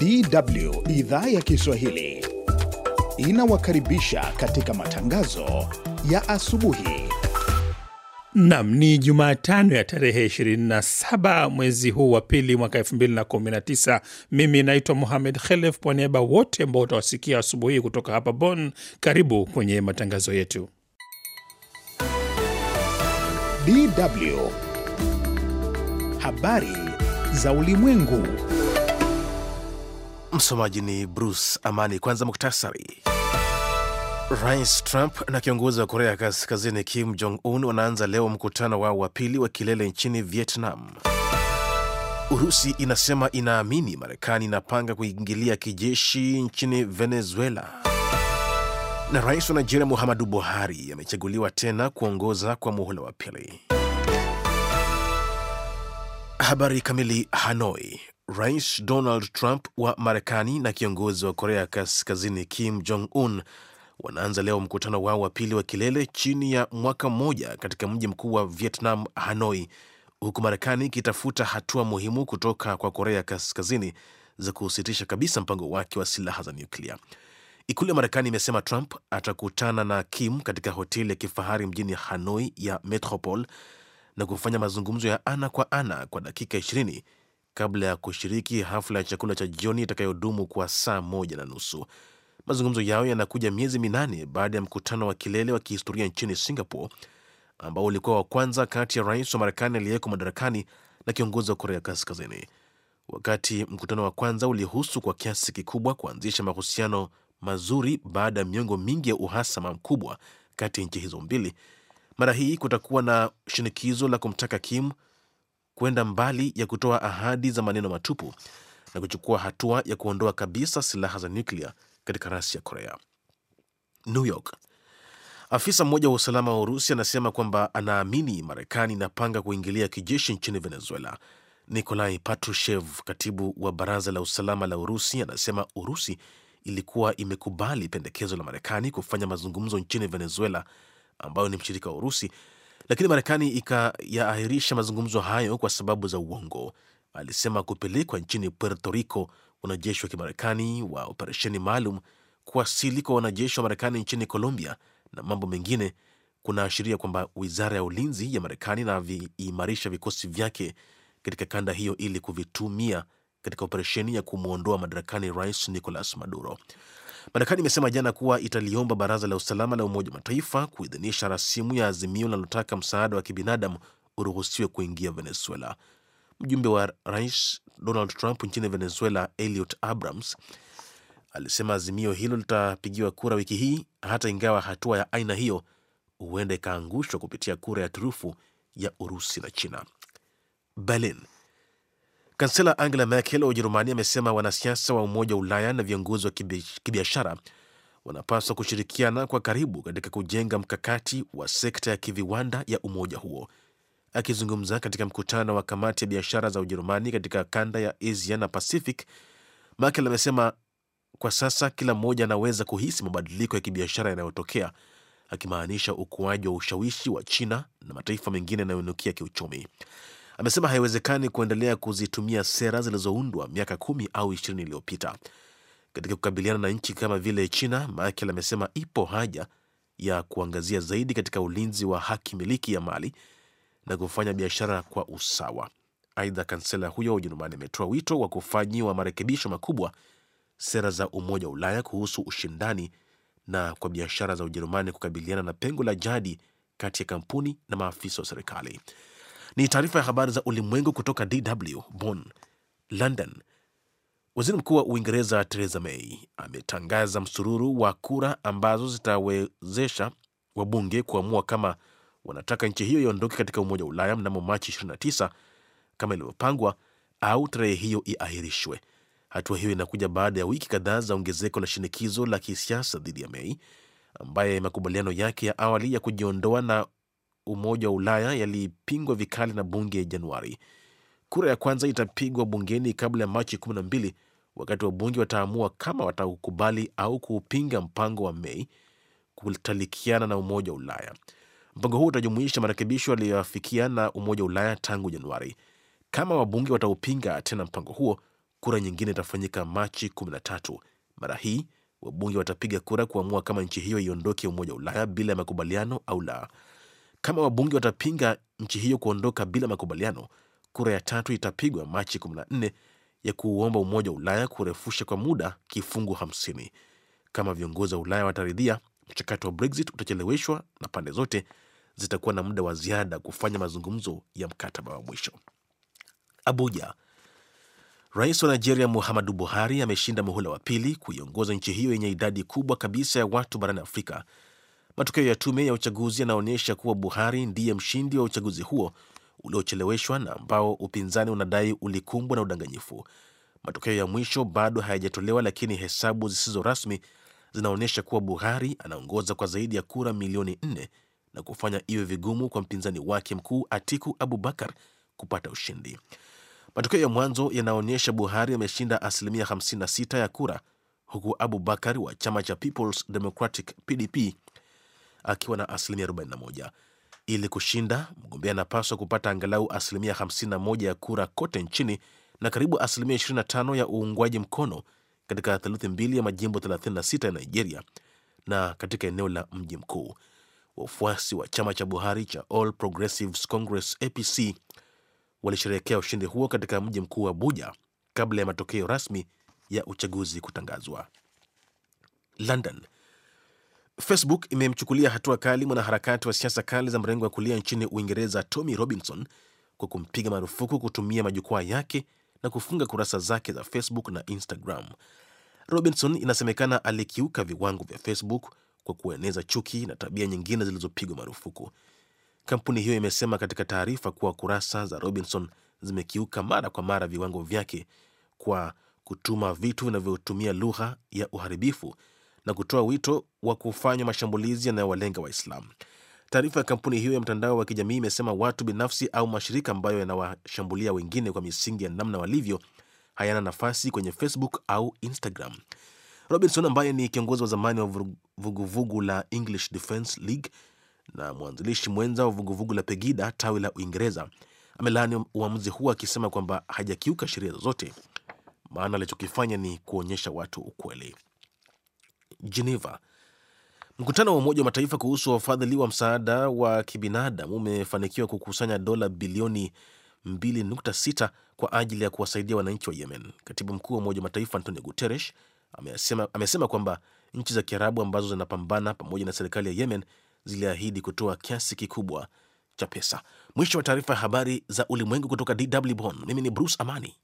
DW idhaa ya Kiswahili inawakaribisha katika matangazo ya asubuhi. Nam ni Jumatano ya tarehe 27 mwezi huu wa pili mwaka 2019. Mimi naitwa muhamed Khelef kwa niaba wote ambao utawasikia asubuhi kutoka hapa Bonn. Karibu kwenye matangazo yetu. DW habari za ulimwengu Msomaji ni Bruce Amani. Kwanza muktasari. Rais Trump na kiongozi wa Korea Kaskazini Kim Jong Un wanaanza leo mkutano wao wa pili wa kilele nchini Vietnam. Urusi inasema inaamini Marekani inapanga kuingilia kijeshi nchini Venezuela. Na rais wa Nigeria Muhammadu Buhari amechaguliwa tena kuongoza kwa muhula wa pili. Habari kamili. Hanoi, Rais Donald Trump wa Marekani na kiongozi wa Korea Kaskazini Kim Jong Un wanaanza leo mkutano wao wa pili wa kilele chini ya mwaka mmoja katika mji mkuu wa Vietnam, Hanoi, huku Marekani ikitafuta hatua muhimu kutoka kwa Korea Kaskazini za kusitisha kabisa mpango wake wa silaha za nyuklia. Ikulu ya Marekani imesema Trump atakutana na Kim katika hoteli ya kifahari mjini Hanoi ya Metropole na kufanya mazungumzo ya ana kwa ana kwa dakika ishirini kabla ya kushiriki hafla ya chakula cha jioni itakayodumu kwa saa moja na nusu. Mazungumzo yao yanakuja miezi minane baada ya mkutano wa kilele wa kihistoria nchini Singapore ambao ulikuwa wa kwanza kati ya rais wa Marekani aliyeko madarakani na kiongozi wa Korea Kaskazini. Wakati mkutano wa kwanza ulihusu kwa kiasi kikubwa kuanzisha mahusiano mazuri baada ya miongo mingi ya uhasama mkubwa kati ya nchi hizo mbili, mara hii kutakuwa na shinikizo la kumtaka Kim kwenda mbali ya kutoa ahadi za maneno matupu na kuchukua hatua ya kuondoa kabisa silaha za nyuklia katika rasi ya Korea. New York. Afisa mmoja wa usalama wa Urusi anasema kwamba anaamini Marekani inapanga kuingilia kijeshi nchini Venezuela. Nikolai Patrushev, katibu wa baraza la usalama la Urusi, anasema Urusi ilikuwa imekubali pendekezo la Marekani kufanya mazungumzo nchini Venezuela, ambayo ni mshirika wa Urusi, lakini Marekani ikayaahirisha mazungumzo hayo kwa sababu za uongo. Alisema kupelekwa nchini Puerto Rico wanajeshi wa Kimarekani wa operesheni maalum, kuwasili kwa wanajeshi wa Marekani nchini Colombia na mambo mengine kunaashiria kwamba wizara ya ulinzi ya Marekani inaviimarisha vikosi vyake katika kanda hiyo ili kuvitumia katika operesheni ya kumwondoa madarakani rais Nicolas Maduro. Marekani imesema jana kuwa italiomba Baraza la Usalama la Umoja wa Mataifa kuidhinisha rasimu ya azimio linalotaka msaada wa kibinadamu uruhusiwe kuingia Venezuela. Mjumbe wa Rais Donald Trump nchini Venezuela, Elliot Abrams, alisema azimio hilo litapigiwa kura wiki hii, hata ingawa hatua ya aina hiyo huenda ikaangushwa kupitia kura ya turufu ya Urusi na China. Berlin Kansela Angela Merkel wa Ujerumani amesema wanasiasa wa Umoja wa Ulaya na viongozi wa kibiashara wanapaswa kushirikiana kwa karibu katika kujenga mkakati wa sekta ya kiviwanda ya umoja huo. Akizungumza katika mkutano wa kamati ya biashara za Ujerumani katika kanda ya Asia na Pacific, Merkel amesema kwa sasa kila mmoja anaweza kuhisi mabadiliko ya kibiashara yanayotokea, akimaanisha ukuaji wa ushawishi wa China na mataifa mengine yanayoinukia kiuchumi amesema haiwezekani kuendelea kuzitumia sera zilizoundwa miaka kumi au ishirini iliyopita katika kukabiliana na nchi kama vile China. Merkel amesema ipo haja ya kuangazia zaidi katika ulinzi wa haki miliki ya mali na kufanya biashara kwa usawa. Aidha, kansela huyo Ujerumani ametoa wito wa kufanyiwa marekebisho makubwa sera za Umoja wa Ulaya kuhusu ushindani na kwa biashara za Ujerumani kukabiliana na pengo la jadi kati ya kampuni na maafisa wa serikali. Ni taarifa ya habari za ulimwengu kutoka DW Bonn, London. Waziri Mkuu wa Uingereza Theresa May ametangaza msururu wa kura ambazo zitawezesha wabunge kuamua kama wanataka nchi hiyo iondoke katika Umoja wa Ulaya mnamo Machi 29 kama ilivyopangwa au tarehe hiyo iahirishwe. Hatua hiyo inakuja baada ya wiki kadhaa za ongezeko la shinikizo la kisiasa dhidi ya Mei ambaye makubaliano yake ya awali ya kujiondoa na Umoja wa Ulaya yalipingwa vikali na bunge Januari. Kura ya kwanza itapigwa bungeni kabla ya Machi 12 wakati bunge wataamua kama wataukubali au kuupinga mpango wa Mei kutalikiana na Umoja wa Ulaya. Mpango huu utajumuisha marekebisho yaliyoafikia na Umoja wa Ulaya tangu Januari. Kama wabunge wataupinga tena mpango huo, kura nyingine itafanyika Machi 13. Mara hii wabunge watapiga kura kuamua kama nchi hiyo iondoke Umoja wa Ulaya bila ya makubaliano au la. Kama wabunge watapinga nchi hiyo kuondoka bila makubaliano, kura ya tatu itapigwa Machi 14 ya kuuomba Umoja wa Ulaya kurefusha kwa muda kifungu 50. Kama viongozi wa Ulaya wataridhia, mchakato wa Brexit utacheleweshwa na pande zote zitakuwa na muda wa ziada kufanya mazungumzo ya mkataba wa mwisho. Abuja. Rais wa Nigeria Muhammadu Buhari ameshinda muhula wa pili kuiongoza nchi hiyo yenye idadi kubwa kabisa ya watu barani Afrika Matokeo ya tume ya uchaguzi yanaonyesha kuwa Buhari ndiye mshindi wa uchaguzi huo uliocheleweshwa na ambao upinzani unadai ulikumbwa na udanganyifu. Matokeo ya mwisho bado hayajatolewa, lakini hesabu zisizo rasmi zinaonyesha kuwa Buhari anaongoza kwa zaidi ya kura milioni nne na kufanya iwe vigumu kwa mpinzani wake mkuu Atiku Abubakar kupata ushindi. Matokeo ya mwanzo yanaonyesha Buhari ameshinda asilimia 56 ya kura huku Abubakar wa chama cha Peoples Democratic PDP akiwa na asilimia 41. Ili kushinda, mgombea anapaswa kupata angalau asilimia 51 ya kura kote nchini na karibu asilimia 25 ya uungwaji mkono katika theluthi mbili ya majimbo 36 ya Nigeria na katika eneo la mji mkuu. Wafuasi wa chama cha Buhari cha All Progressives Congress APC walisherehekea ushindi huo katika mji mkuu wa Abuja kabla ya matokeo rasmi ya uchaguzi kutangazwa. London Facebook imemchukulia hatua kali mwanaharakati wa siasa kali za mrengo wa kulia nchini Uingereza, Tommy Robinson, kwa kumpiga marufuku kutumia majukwaa yake na kufunga kurasa zake za Facebook na Instagram. Robinson inasemekana alikiuka viwango vya Facebook kwa kueneza chuki na tabia nyingine zilizopigwa marufuku. Kampuni hiyo imesema katika taarifa kuwa kurasa za Robinson zimekiuka mara kwa mara viwango vyake kwa kutuma vitu vinavyotumia lugha ya uharibifu na kutoa wito wa kufanywa mashambulizi yanayowalenga Waislamu. Taarifa ya kampuni hiyo ya mtandao wa kijamii imesema watu binafsi au mashirika ambayo yanawashambulia wengine kwa misingi ya namna walivyo hayana nafasi kwenye Facebook au Instagram. Robinson ambaye ni kiongozi wa zamani wa vuguvugu vugu la English Defence League na mwanzilishi mwenza wa vuguvugu la Pegida tawi la Uingereza amelaani uamuzi huo akisema kwamba hajakiuka sheria zozote, maana alichokifanya ni kuonyesha watu ukweli. Geneva. Mkutano wa Umoja wa Mataifa kuhusu wafadhili wa msaada wa kibinadamu umefanikiwa kukusanya dola bilioni 2.6 kwa ajili ya kuwasaidia wananchi wa Yemen. Katibu mkuu wa Umoja wa Mataifa Antonio Guterres amesema, amesema kwamba nchi za Kiarabu ambazo zinapambana pamoja na serikali ya Yemen ziliahidi kutoa kiasi kikubwa cha pesa. Mwisho wa taarifa ya habari za ulimwengu kutoka DW Bonn. Mimi ni Bruce Amani.